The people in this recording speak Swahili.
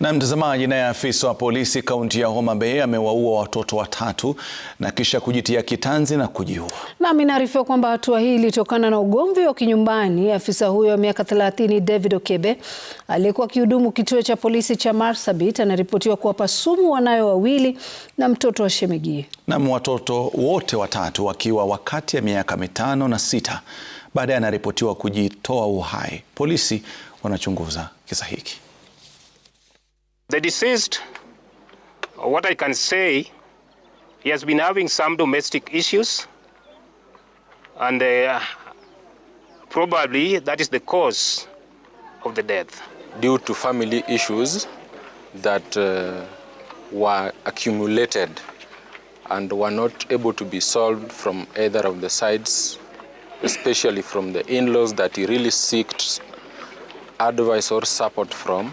Na mtazamaji, naye afisa wa polisi kaunti ya Homa Bay amewaua watoto watatu na kisha kujitia kitanzi na kujiua. Nami naarifiwa kwamba hatua hii ilitokana na ugomvi wa kinyumbani. Afisa huyo wa miaka 30 David Okebe aliyekuwa akihudumu kituo cha polisi cha Marsabit anaripotiwa kuwapa sumu wanayo wawili na mtoto wa shemegie. Nam watoto wote watatu wakiwa wakati ya miaka mitano na sita, baadaye anaripotiwa kujitoa uhai. Polisi wanachunguza kisa hiki. The deceased, what I can say, he has been having some domestic issues, and uh, probably that is the cause of the death. Due to family issues that uh, were accumulated and were not able to be solved from either of the sides, especially from the in-laws that he really sought advice or support from.